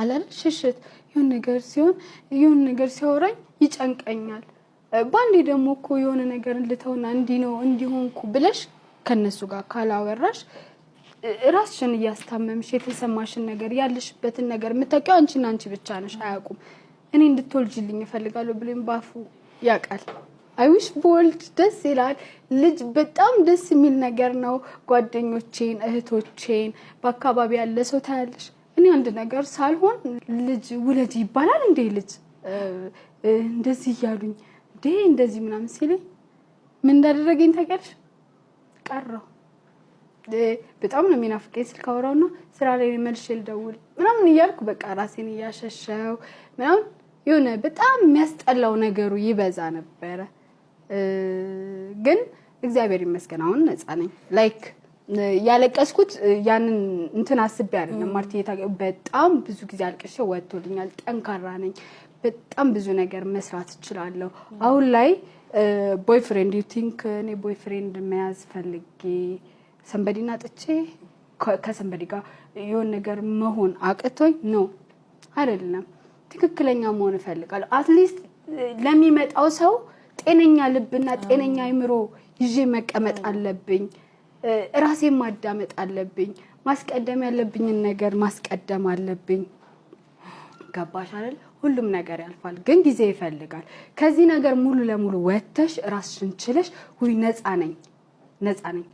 አላል ሽሽት ይሁን ነገር ሲሆን ይሁን ነገር ሲያወራኝ ይጨንቀኛል። በአንዴ ደግሞ እኮ የሆነ ነገር ልተውና እንዲ ነው እንዲሆንኩ ብለሽ ከነሱ ጋር ካላወራሽ ራስሽን እያስታመምሽ የተሰማሽን ነገር ያለሽበትን ነገር የምታውቂው አንቺና አንቺ ብቻ ነሽ፣ አያውቁም። እኔ እንድትወልጅልኝ እፈልጋለሁ ብሎኝ ባፉ ያውቃል። አይዊሽ በወልድ ደስ ይላል። ልጅ በጣም ደስ የሚል ነገር ነው። ጓደኞቼን፣ እህቶቼን፣ በአካባቢ ያለ ሰው ታያለሽ። እኔ አንድ ነገር ሳልሆን ልጅ ውለጅ ይባላል እንዴ? ልጅ እንደዚህ እያሉኝ እንዴ እንደዚህ ምናምን ሲለኝ ምን እንዳደረገኝ ታውቂያለሽ? ቀረው በጣም ነው የሚናፍቀኝ። ስልክ አወራውና ስራ ላይ መልሼ ልደውል ምናምን እያልኩ በቃ ራሴን እያሸሸው ምናምን የሆነ በጣም የሚያስጠላው ነገሩ ይበዛ ነበረ። ግን እግዚአብሔር ይመስገን አሁን ነፃ ነኝ ላይክ ያለቀስኩት ያንን እንትን አስቤ አይደለም። ማርትዬ በጣም ብዙ ጊዜ አልቅሼ ወጥቶልኛል። ጠንካራ ነኝ። በጣም ብዙ ነገር መስራት እችላለሁ። አሁን ላይ ቦይፍሬንድ ዩ ቲንክ እኔ ቦይፍሬንድ መያዝ ፈልጌ ሰንበዲና ጥቼ ከሰንበዲ ጋር የሆን ነገር መሆን አቅቶኝ ነው አይደለም። ትክክለኛ መሆን እፈልጋለሁ። አትሊስት ለሚመጣው ሰው ጤነኛ ልብና ጤነኛ አይምሮ ይዤ መቀመጥ አለብኝ። ራሴን ማዳመጥ አለብኝ። ማስቀደም ያለብኝን ነገር ማስቀደም አለብኝ። ገባሽ አይደል? ሁሉም ነገር ያልፋል፣ ግን ጊዜ ይፈልጋል። ከዚህ ነገር ሙሉ ለሙሉ ወጥተሽ ራስሽን ችለሽ ሁይ ነፃ ነኝ ነፃ ነኝ